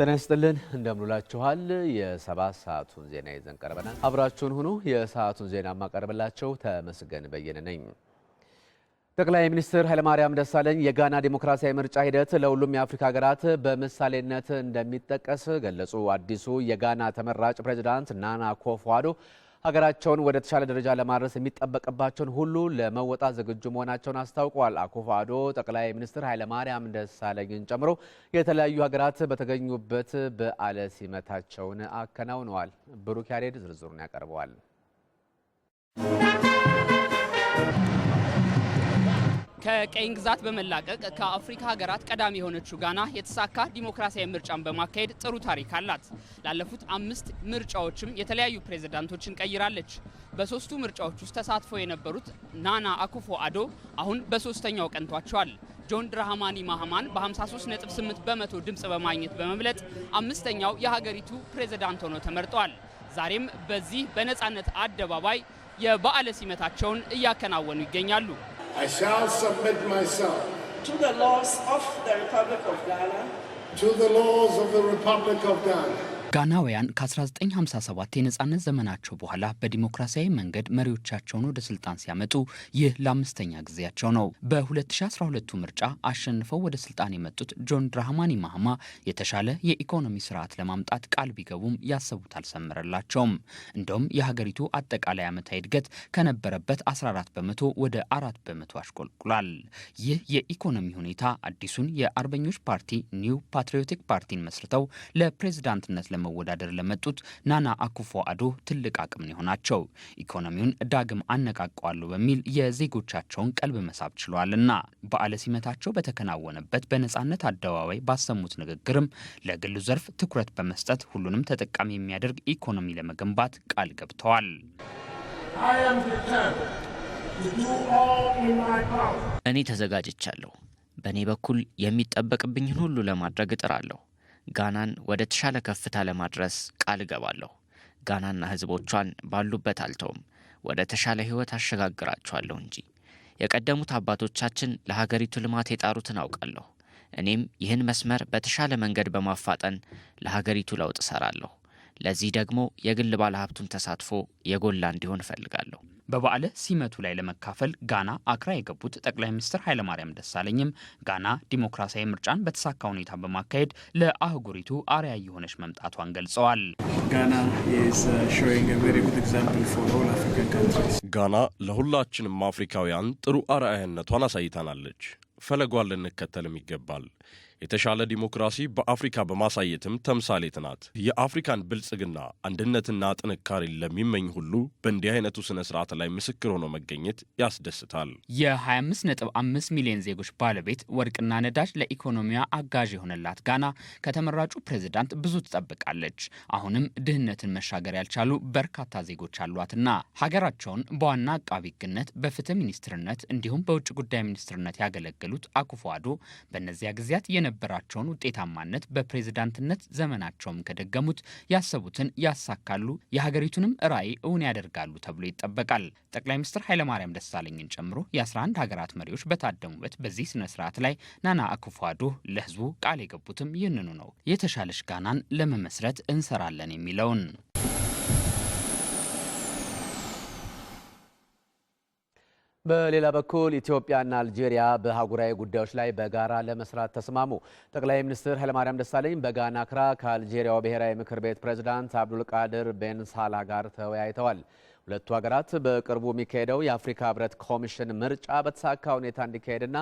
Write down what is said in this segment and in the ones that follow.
ጤና ይስጥልን እንደምንላችኋል። የሰባት ሰዓቱን ዜና ይዘን ቀርበናል። አብራችሁን ሁኑ። የሰዓቱን ዜና ማቀርብላቸው ተመስገን በየነ ነኝ። ጠቅላይ ሚኒስትር ኃይለማርያም ደሳለኝ የጋና ዴሞክራሲያዊ ምርጫ ሂደት ለሁሉም የአፍሪካ ሀገራት በምሳሌነት እንደሚጠቀስ ገለጹ። አዲሱ የጋና ተመራጭ ፕሬዚዳንት ናና ኮፍዋዶ ሀገራቸውን ወደ ተሻለ ደረጃ ለማድረስ የሚጠበቅባቸውን ሁሉ ለመወጣት ዝግጁ መሆናቸውን አስታውቀዋል። አኩፋዶ ጠቅላይ ሚኒስትር ኃይለማርያም ደሳለኝን ጨምሮ የተለያዩ ሀገራት በተገኙበት በዓለ ሲመታቸውን አከናውነዋል። ብሩክ ያሬድ ዝርዝሩን ያቀርበዋል። ከቀኝ ግዛት በመላቀቅ ከአፍሪካ ሀገራት ቀዳሚ የሆነችው ጋና የተሳካ ዲሞክራሲያዊ ምርጫን በማካሄድ ጥሩ ታሪክ አላት። ላለፉት አምስት ምርጫዎችም የተለያዩ ፕሬዝዳንቶችን ቀይራለች። በሶስቱ ምርጫዎች ውስጥ ተሳትፈው የነበሩት ናና አኩፎ አዶ አሁን በሶስተኛው ቀንቷቸዋል። ጆን ድራሃማኒ ማህማን በ53.8 በመቶ ድምፅ በማግኘት በመብለጥ አምስተኛው የሀገሪቱ ፕሬዝዳንት ሆኖ ተመርጠዋል። ዛሬም በዚህ በነፃነት አደባባይ የበዓለ ሲመታቸውን እያከናወኑ ይገኛሉ። I shall submit myself to the laws of the Republic of Ghana. To the laws of the Republic of Ghana ጋናውያን ከ1957 የነፃነት ዘመናቸው በኋላ በዲሞክራሲያዊ መንገድ መሪዎቻቸውን ወደ ስልጣን ሲያመጡ ይህ ለአምስተኛ ጊዜያቸው ነው። 2012 ምርጫ አሸንፈው ወደ ስልጣን የመጡት ጆን ድራህማኒ ማህማ የተሻለ የኢኮኖሚ ስርዓት ለማምጣት ቃል ቢገቡም ያሰቡት አልሰመረላቸውም። እንደውም የሀገሪቱ አጠቃላይ ዓመታዊ እድገት ከነበረበት 14 በመቶ ወደ አራት በመቶ አሽቆልቁላል። ይህ የኢኮኖሚ ሁኔታ አዲሱን የአርበኞች ፓርቲ ኒው ፓትሪዮቲክ ፓርቲን መስርተው ለፕሬዝዳንትነት ለመወዳደር ለመጡት ናና አኩፎ አዶ ትልቅ አቅም ነው ኢኮኖሚውን ዳግም አነቃቀዋለሁ በሚል የዜጎቻቸውን ቀልብ መሳብ ችለዋልና በዓለ ሲመታቸው በተከናወነበት በነፃነት አደባባይ ባሰሙት ንግግርም ለግሉ ዘርፍ ትኩረት በመስጠት ሁሉንም ተጠቃሚ የሚያደርግ ኢኮኖሚ ለመገንባት ቃል ገብተዋል። እኔ ተዘጋጅቻለሁ። በእኔ በኩል የሚጠበቅብኝን ሁሉ ለማድረግ እጥራለሁ። ጋናን ወደ ተሻለ ከፍታ ለማድረስ ቃል እገባለሁ። ጋናና ህዝቦቿን ባሉበት አልተውም፣ ወደ ተሻለ ህይወት አሸጋግራቸዋለሁ እንጂ። የቀደሙት አባቶቻችን ለሀገሪቱ ልማት የጣሩትን አውቃለሁ። እኔም ይህን መስመር በተሻለ መንገድ በማፋጠን ለሀገሪቱ ለውጥ እሰራለሁ። ለዚህ ደግሞ የግል ባለሀብቱን ተሳትፎ የጎላ እንዲሆን እፈልጋለሁ። በበዓለ ሲመቱ ላይ ለመካፈል ጋና አክራ የገቡት ጠቅላይ ሚኒስትር ኃይለማርያም ደሳለኝም ጋና ዲሞክራሲያዊ ምርጫን በተሳካ ሁኔታ በማካሄድ ለአህጉሪቱ አርያ የሆነች መምጣቷን ገልጸዋል። ጋና ለሁላችንም አፍሪካውያን ጥሩ አርአያነቷን አሳይታናለች። ፈለጓን ልንከተልም ይገባል። የተሻለ ዲሞክራሲ በአፍሪካ በማሳየትም ተምሳሌት ናት። የአፍሪካን ብልጽግና አንድነትና ጥንካሬን ለሚመኝ ሁሉ በእንዲህ አይነቱ ስነ ስርዓት ላይ ምስክር ሆኖ መገኘት ያስደስታል። የ25.5 ሚሊዮን ዜጎች ባለቤት ወርቅና ነዳጅ ለኢኮኖሚዋ አጋዥ የሆነላት ጋና ከተመራጩ ፕሬዝዳንት ብዙ ትጠብቃለች። አሁንም ድህነትን መሻገር ያልቻሉ በርካታ ዜጎች አሏትና ሀገራቸውን በዋና አቃቢ በፍትህ ሚኒስትርነት እንዲሁም በውጭ ጉዳይ ሚኒስትርነት ያገለገሉት አኩፎ አዶ በእነዚያ ጊዜያት የነበራቸውን ውጤታማነት በፕሬዝዳንትነት ዘመናቸውም ከደገሙት ያሰቡትን ያሳካሉ፣ የሀገሪቱንም ራዕይ እውን ያደርጋሉ ተብሎ ይጠበቃል። ጠቅላይ ሚኒስትር ኃይለማርያም ደሳለኝን ጨምሮ የ11 ሀገራት መሪዎች በታደሙበት በዚህ ስነ ስርዓት ላይ ናና አኩፏዶ ለህዝቡ ቃል የገቡትም ይህንኑ ነው። የተሻለች ጋናን ለመመስረት እንሰራለን የሚለውን በሌላ በኩል ኢትዮጵያና አልጄሪያ በአህጉራዊ ጉዳዮች ላይ በጋራ ለመስራት ተስማሙ። ጠቅላይ ሚኒስትር ኃይለማርያም ደሳለኝ በጋና ክራ ከአልጄሪያው ብሔራዊ ምክር ቤት ፕሬዝዳንት አብዱልቃድር ቤን ሳላ ጋር ተወያይተዋል። ሁለቱ ሀገራት በቅርቡ የሚካሄደው የአፍሪካ ህብረት ኮሚሽን ምርጫ በተሳካ ሁኔታ እንዲካሄድና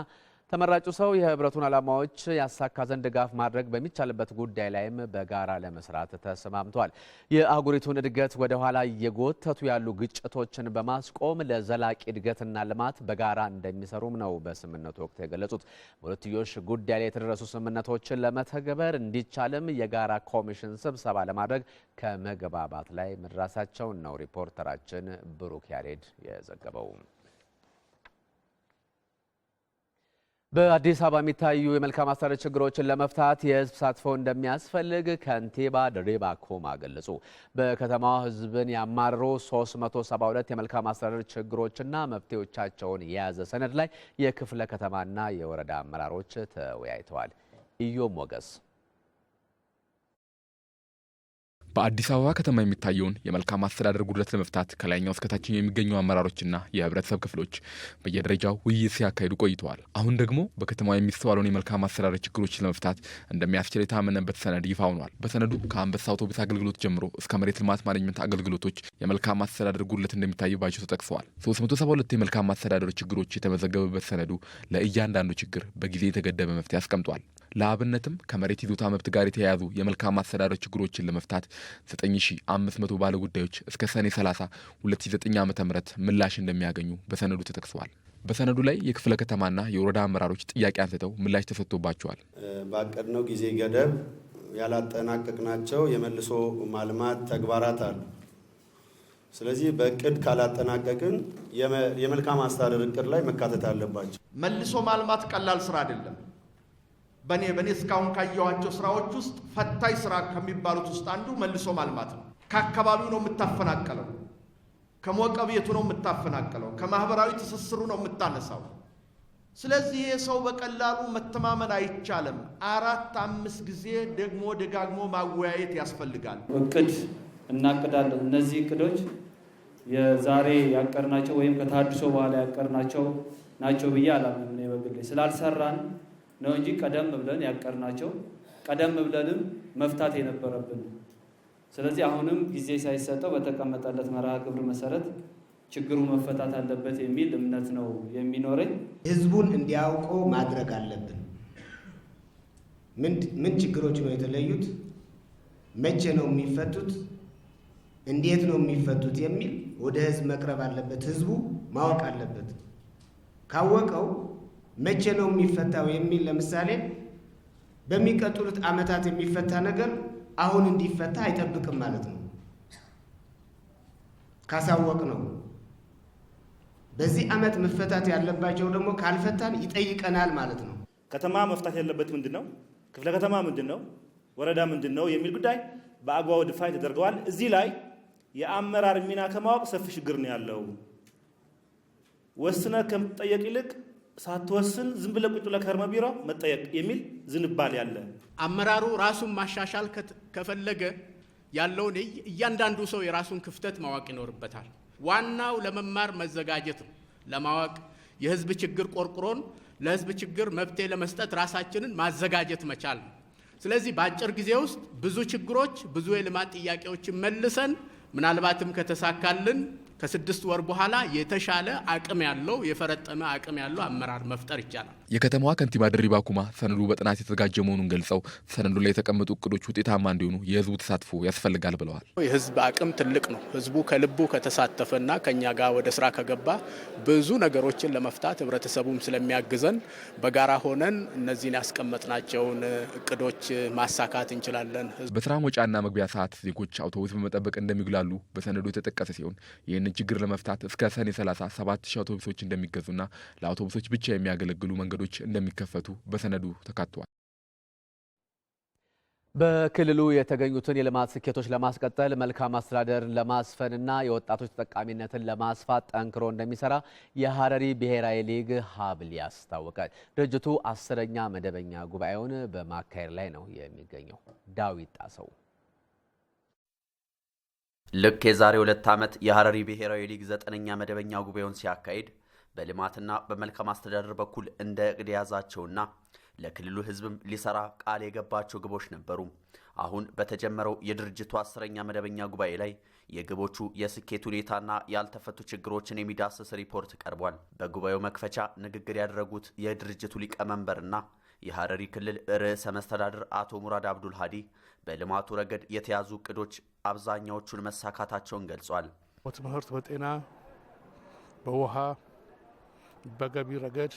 ተመራጩ ሰው የህብረቱን ዓላማዎች ያሳካ ዘንድ ድጋፍ ማድረግ በሚቻልበት ጉዳይ ላይም በጋራ ለመስራት ተስማምቷል። የአህጉሪቱን እድገት ወደ ኋላ እየጎተቱ ያሉ ግጭቶችን በማስቆም ለዘላቂ እድገትና ልማት በጋራ እንደሚሰሩም ነው በስምምነቱ ወቅት የገለጹት። በሁለትዮሽ ጉዳይ ላይ የተደረሱ ስምምነቶችን ለመተግበር እንዲቻልም የጋራ ኮሚሽን ስብሰባ ለማድረግ ከመግባባት ላይ መድራሳቸውን ነው ሪፖርተራችን ብሩክ ያሬድ የዘገበው። በአዲስ አበባ የሚታዩ የመልካም አስተዳደር ችግሮችን ለመፍታት የህዝብ ተሳትፎ እንደሚያስፈልግ ከንቲባ ድሪባ ኩማ ገለጹ። በከተማዋ ህዝብን ያማረሩ 372 የመልካም አስተዳደር ችግሮችና መፍትሄዎቻቸውን የያዘ ሰነድ ላይ የክፍለ ከተማና የወረዳ አመራሮች ተወያይተዋል። ኢዮም ሞገስ በአዲስ አበባ ከተማ የሚታየውን የመልካም አስተዳደር ጉድለት ለመፍታት ከላይኛው እስከታችኛው የሚገኙ አመራሮችና የህብረተሰብ ክፍሎች በየደረጃው ውይይት ሲያካሂዱ ቆይተዋል። አሁን ደግሞ በከተማው የሚስተዋለውን የመልካም አስተዳደር ችግሮች ለመፍታት እንደሚያስችል የታመነበት ሰነድ ይፋ ሆኗል። በሰነዱ ከአንበሳ አውቶቡስ አገልግሎት ጀምሮ እስከ መሬት ልማት ማኔጅመንት አገልግሎቶች የመልካም አስተዳደር ጉድለት እንደሚታይባቸው ተጠቅሰዋል። 372 የመልካም አስተዳደር ችግሮች የተመዘገበበት ሰነዱ ለእያንዳንዱ ችግር በጊዜ የተገደበ መፍትሄ አስቀምጧል። ለአብነትም ከመሬት ይዞታ መብት ጋር የተያያዙ የመልካም አስተዳደር ችግሮችን ለመፍታት 9500 ባለ ጉዳዮች እስከ ሰኔ 30 2009 ዓ ም ምላሽ እንደሚያገኙ በሰነዱ ተጠቅሰዋል። በሰነዱ ላይ የክፍለ ከተማና የወረዳ አመራሮች ጥያቄ አንስተው ምላሽ ተሰጥቶባቸዋል። ባቀድነው ጊዜ ገደብ ያላጠናቀቅናቸው የመልሶ ማልማት ተግባራት አሉ። ስለዚህ በእቅድ ካላጠናቀቅን የመልካም አስተዳደር እቅድ ላይ መካተት አለባቸው። መልሶ ማልማት ቀላል ስራ አይደለም። በእኔ በእኔ እስካሁን ካየኋቸው ስራዎች ውስጥ ፈታኝ ስራ ከሚባሉት ውስጥ አንዱ መልሶ ማልማት ነው። ከአካባቢው ነው የምታፈናቀለው፣ ከሞቀ ቤቱ ነው የምታፈናቀለው፣ ከማህበራዊ ትስስሩ ነው የምታነሳው። ስለዚህ ይሄ ሰው በቀላሉ መተማመን አይቻልም። አራት አምስት ጊዜ ደግሞ ደጋግሞ ማወያየት ያስፈልጋል። እቅድ እናቅዳለን። እነዚህ እቅዶች የዛሬ ያቀርናቸው ወይም ከታድሶ በኋላ ያቀርናቸው ናቸው ብዬ አላምንም። በግሌ ስላልሰራን ነው እንጂ ቀደም ብለን ያቀርናቸው ቀደም ብለንም መፍታት የነበረብን። ስለዚህ አሁንም ጊዜ ሳይሰጠው በተቀመጠለት መርሃ ግብር መሰረት ችግሩ መፈታት አለበት የሚል እምነት ነው የሚኖረኝ። ህዝቡን እንዲያውቀው ማድረግ አለብን። ምን ችግሮች ነው የተለዩት? መቼ ነው የሚፈቱት? እንዴት ነው የሚፈቱት? የሚል ወደ ህዝብ መቅረብ አለበት። ህዝቡ ማወቅ አለበት። ካወቀው መቼ ነው የሚፈታው የሚል ለምሳሌ በሚቀጥሉት ዓመታት የሚፈታ ነገር አሁን እንዲፈታ አይጠብቅም ማለት ነው። ካሳወቅ ነው በዚህ ዓመት መፈታት ያለባቸው ደግሞ ካልፈታን ይጠይቀናል ማለት ነው። ከተማ መፍታት ያለበት ምንድን ነው፣ ክፍለ ከተማ ምንድን ነው፣ ወረዳ ምንድን ነው የሚል ጉዳይ በአግባቡ ድፋይ ተደርገዋል። እዚህ ላይ የአመራር ሚና ከማወቅ ሰፊ ችግር ነው ያለው። ወስነ ከምትጠየቅ ይልቅ ሳትወስን ዝም ብለህ ቁጭ ብለህ ከርመ ቢሮ መጠየቅ የሚል ዝንባል ያለ አመራሩ ራሱን ማሻሻል ከፈለገ ያለውን እያንዳንዱ ሰው የራሱን ክፍተት ማወቅ ይኖርበታል። ዋናው ለመማር መዘጋጀት ነው። ለማወቅ የህዝብ ችግር ቆርቁሮን ለህዝብ ችግር መፍትሄ ለመስጠት ራሳችንን ማዘጋጀት መቻል ነው። ስለዚህ በአጭር ጊዜ ውስጥ ብዙ ችግሮች፣ ብዙ የልማት ጥያቄዎችን መልሰን ምናልባትም ከተሳካልን ከስድስት ወር በኋላ የተሻለ አቅም ያለው የፈረጠመ አቅም ያለው አመራር መፍጠር ይቻላል። የከተማዋ ከንቲባ ድሪባ ኩማ ሰነዱ በጥናት የተዘጋጀ መሆኑን ገልጸው ሰነዱ ላይ የተቀመጡ እቅዶች ውጤታማ እንዲሆኑ የህዝቡ ተሳትፎ ያስፈልጋል ብለዋል። የህዝብ አቅም ትልቅ ነው። ህዝቡ ከልቡ ከተሳተፈና ከኛ ጋር ወደ ስራ ከገባ ብዙ ነገሮችን ለመፍታት ህብረተሰቡም ስለሚያግዘን በጋራ ሆነን እነዚህን ያስቀመጥናቸውን እቅዶች ማሳካት እንችላለን። በስራ መውጫና መግቢያ ሰዓት ዜጎች አውቶቡስ በመጠበቅ እንደሚጉላሉ በሰነዱ የተጠቀሰ ሲሆን ይህን ችግር ለመፍታት እስከ ሰኔ 30 7 ሺህ አውቶቡሶች እንደሚገዙና ለአውቶቡሶች ብቻ የሚያገለግሉ መንገዶች እንደሚከፈቱ በሰነዱ ተካተዋል። በክልሉ የተገኙትን የልማት ስኬቶች ለማስቀጠል መልካም አስተዳደርን ለማስፈንና የወጣቶች ተጠቃሚነትን ለማስፋት ጠንክሮ እንደሚሰራ የሀረሪ ብሔራዊ ሊግ ሀብሊ አስታወቀ። ድርጅቱ አስረኛ መደበኛ ጉባኤውን በማካሄድ ላይ ነው የሚገኘው። ዳዊት ጣሰው ልክ የዛሬ ሁለት ዓመት የሐረሪ ብሔራዊ ሊግ ዘጠነኛ መደበኛ ጉባኤውን ሲያካሂድ በልማትና በመልካም አስተዳደር በኩል እንደ እቅድ የያዛቸውና ለክልሉ ሕዝብም ሊሰራ ቃል የገባቸው ግቦች ነበሩ። አሁን በተጀመረው የድርጅቱ አስረኛ መደበኛ ጉባኤ ላይ የግቦቹ የስኬት ሁኔታና ያልተፈቱ ችግሮችን የሚዳስስ ሪፖርት ቀርቧል። በጉባኤው መክፈቻ ንግግር ያደረጉት የድርጅቱ ሊቀመንበርና የሐረሪ ክልል ርዕሰ መስተዳድር አቶ ሙራድ አብዱል ሀዲ በልማቱ ረገድ የተያዙ እቅዶች አብዛኛዎቹን መሳካታቸውን ገልጿል። በትምህርት፣ በጤና፣ በውሃ፣ በገቢ ረገድ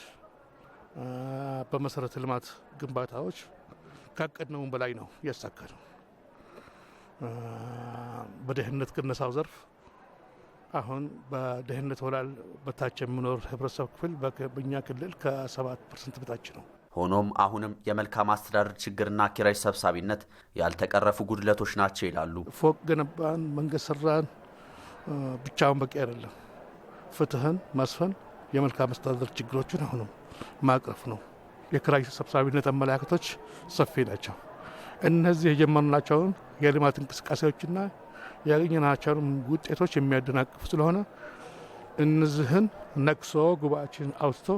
በመሰረተ ልማት ግንባታዎች ካቀድነውን በላይ ነው ያሳካነው። በድህነት ቅነሳው ዘርፍ አሁን በድህነት ወላል በታች የሚኖር ህብረተሰብ ክፍል በእኛ ክልል ከሰባት ፐርሰንት በታች ነው። ሆኖም አሁንም የመልካም አስተዳደር ችግርና ኪራይ ሰብሳቢነት ያልተቀረፉ ጉድለቶች ናቸው ይላሉ። ፎቅ ገነባን፣ መንገድ ሰራን ብቻውን በቂ አይደለም። ፍትህን መስፈን የመልካም አስተዳደር ችግሮችን አሁንም ማቅረፍ ነው። የክራይ ሰብሳቢነት አመለካከቶች ሰፊ ናቸው። እነዚህ የጀመርናቸውን የልማት እንቅስቃሴዎችና ያገኘናቸውን ውጤቶች የሚያደናቅፉ ስለሆነ እነዚህን ነቅሶ ጉባኤያችን አውጥቶ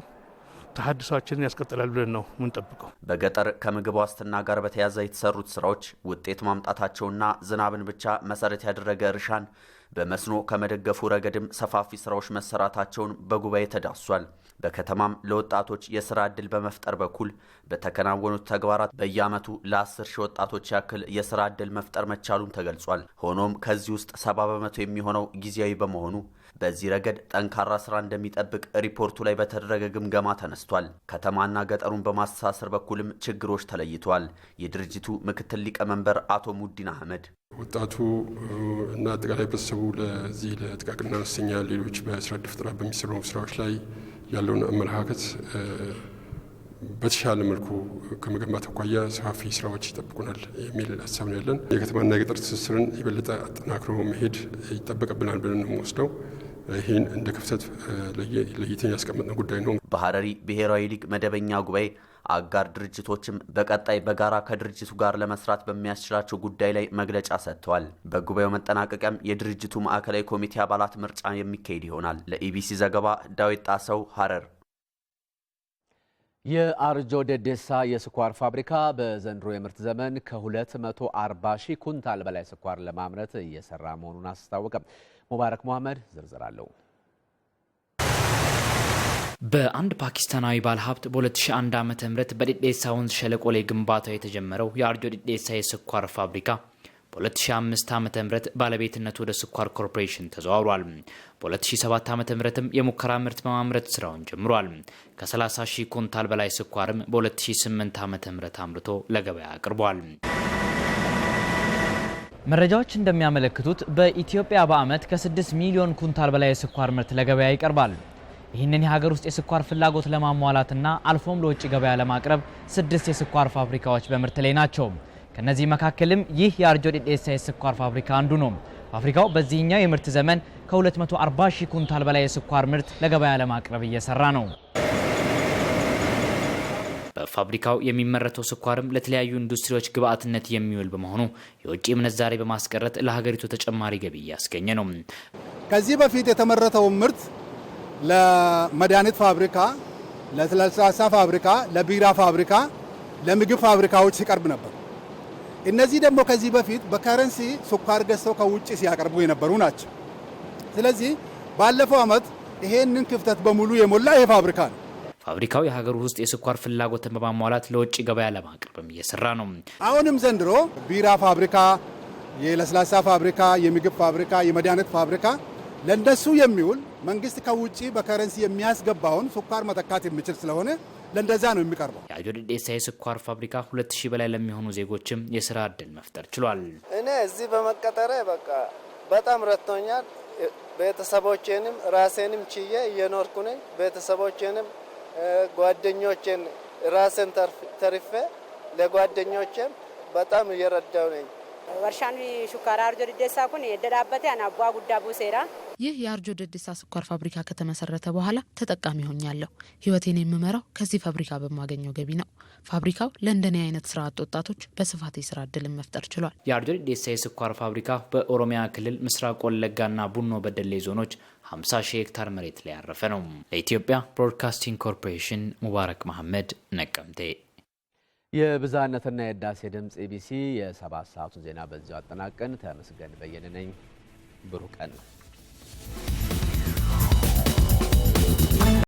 ተሀድሷችንን ያስቀጥላል ብለን ነው ምንጠብቀው። በገጠር ከምግብ ዋስትና ጋር በተያያዘ የተሰሩት ስራዎች ውጤት ማምጣታቸውና ዝናብን ብቻ መሰረት ያደረገ እርሻን በመስኖ ከመደገፉ ረገድም ሰፋፊ ስራዎች መሰራታቸውን በጉባኤ ተዳስሷል። በከተማም ለወጣቶች የስራ ዕድል በመፍጠር በኩል በተከናወኑት ተግባራት በየዓመቱ ለአስር ሺህ ወጣቶች ያክል የስራ ዕድል መፍጠር መቻሉም ተገልጿል። ሆኖም ከዚህ ውስጥ ሰባ በመቶ የሚሆነው ጊዜያዊ በመሆኑ በዚህ ረገድ ጠንካራ ስራ እንደሚጠብቅ ሪፖርቱ ላይ በተደረገ ግምገማ ተነስቷል። ከተማና ገጠሩን በማስተሳሰር በኩልም ችግሮች ተለይተዋል። የድርጅቱ ምክትል ሊቀመንበር አቶ ሙዲን አህመድ ወጣቱ እና አጠቃላይ ህብረተሰቡ ለዚህ ለጥቃቅንና አነስተኛ ሌሎች በስራ ዕድል ፈጠራ በሚሰሩ ስራዎች ላይ ያለውን አመለካከት በተሻለ መልኩ ከመገንባት አኳያ ሰፋፊ ስራዎች ይጠብቁናል የሚል ሀሳብ ነው ያለን። የከተማና የገጠር ትስስርን የበለጠ አጠናክሮ መሄድ ይጠበቅብናል ብለን ነው ይህን እንደ ክፍተት ለይተን ያስቀመጥነው ጉዳይ ነው። በሀረሪ ብሔራዊ ሊግ መደበኛ ጉባኤ አጋር ድርጅቶችም በቀጣይ በጋራ ከድርጅቱ ጋር ለመስራት በሚያስችላቸው ጉዳይ ላይ መግለጫ ሰጥተዋል። በጉባኤው መጠናቀቂያም የድርጅቱ ማዕከላዊ ኮሚቴ አባላት ምርጫ የሚካሄድ ይሆናል። ለኢቢሲ ዘገባ ዳዊት ጣሰው ሐረር። የአርጆ ደዴሳ የስኳር ፋብሪካ በዘንድሮ የምርት ዘመን ከ240 ሺህ ኩንታል በላይ ስኳር ለማምረት እየሰራ መሆኑን አስታወቀም። ሙባረክ መሐመድ ዝርዝር አለው። በአንድ ፓኪስታናዊ ባለሀብት በ2001 ዓ ም በዲዴሳ ወንዝ ሸለቆ ላይ ግንባታው የተጀመረው የአርጆ ዲዴሳ የስኳር ፋብሪካ በ2005 ዓ ም ባለቤትነቱ ወደ ስኳር ኮርፖሬሽን ተዘዋውሯል። በ2007 ዓ ም የሙከራ ምርት በማምረት ስራውን ጀምሯል። ከ30 ሺህ ኩንታል በላይ ስኳርም በ2008 ዓ ም አምርቶ ለገበያ አቅርቧል። መረጃዎች እንደሚያመለክቱት በኢትዮጵያ በዓመት ከ6 ሚሊዮን ኩንታል በላይ የስኳር ምርት ለገበያ ይቀርባል። ይህንን የሀገር ውስጥ የስኳር ፍላጎት ለማሟላትና አልፎም ለውጭ ገበያ ለማቅረብ ስድስት የስኳር ፋብሪካዎች በምርት ላይ ናቸው። ከነዚህ መካከልም ይህ የአርጆ ዲዴሳ የስኳር ፋብሪካ አንዱ ነው። ፋብሪካው በዚህኛው የምርት ዘመን ከ240 ሺህ ኩንታል በላይ የስኳር ምርት ለገበያ ለማቅረብ እየሰራ ነው። በፋብሪካው የሚመረተው ስኳርም ለተለያዩ ኢንዱስትሪዎች ግብአትነት የሚውል በመሆኑ የውጭ ምንዛሬ በማስቀረት ለሀገሪቱ ተጨማሪ ገቢ እያስገኘ ነው። ከዚህ በፊት የተመረተውን ምርት ለመድኃኒት ፋብሪካ፣ ለስላሳ ፋብሪካ፣ ለቢራ ፋብሪካ፣ ለምግብ ፋብሪካዎች ሲቀርብ ነበር። እነዚህ ደግሞ ከዚህ በፊት በከረንሲ ስኳር ገዝተው ከውጭ ሲያቀርቡ የነበሩ ናቸው። ስለዚህ ባለፈው ዓመት ይሄንን ክፍተት በሙሉ የሞላ ይሄ ፋብሪካ ነው። ፋብሪካው የሀገር ውስጥ የስኳር ፍላጎትን በማሟላት ለውጭ ገበያ ለማቅረብም እየሰራ ነው። አሁንም ዘንድሮ ቢራ ፋብሪካ፣ የለስላሳ ፋብሪካ፣ የምግብ ፋብሪካ፣ የመድኃኒት ፋብሪካ ለእንደሱ የሚውል መንግስት ከውጭ በከረንሲ የሚያስገባውን ስኳር መተካት የሚችል ስለሆነ ለእንደዛ ነው የሚቀርበው። የአጆ ዴዴሳ የስኳር ፋብሪካ ሁለት ሺህ በላይ ለሚሆኑ ዜጎችም የስራ እድል መፍጠር ችሏል። እኔ እዚህ በመቀጠረ በቃ በጣም ረድቶኛል። ቤተሰቦቼንም ራሴንም ችዬ እየኖርኩ ነኝ። ቤተሰቦቼንም ጓደኞቼን ራሴን ተርፌ ለጓደኞቼም በጣም እየረዳው ነኝ። ወርሻን ሹካራ አርጆ ዴዴሳ ኩን ያን አቧ ጉዳቡ ሴራ ይህ የአርጆ ደዴሳ ስኳር ፋብሪካ ከተመሰረተ በኋላ ተጠቃሚ ሆኛለሁ። ህይወቴን የምመራው ከዚህ ፋብሪካ በማገኘው ገቢ ነው። ፋብሪካው ለእንደኔ አይነት ስራ አጥ ወጣቶች በስፋት የስራ እድልን መፍጠር ችሏል። የአርጆ ደዴሳ የስኳር ፋብሪካ በኦሮሚያ ክልል ምስራቅ ወለጋና ቡኖ በደሌ ዞኖች 50 ሺህ ሄክታር መሬት ላይ ያረፈ ነው። ለኢትዮጵያ ብሮድካስቲንግ ኮርፖሬሽን ሙባረክ መሐመድ ነቀምቴ። የብዝሃነትና የህዳሴ ድምፅ ኢቢሲ የሰባት ሰዓቱን ዜና በዚሁ አጠናቀን። ተመስገን በየነ ነኝ። ብሩህ ቀን ነው። Thank you.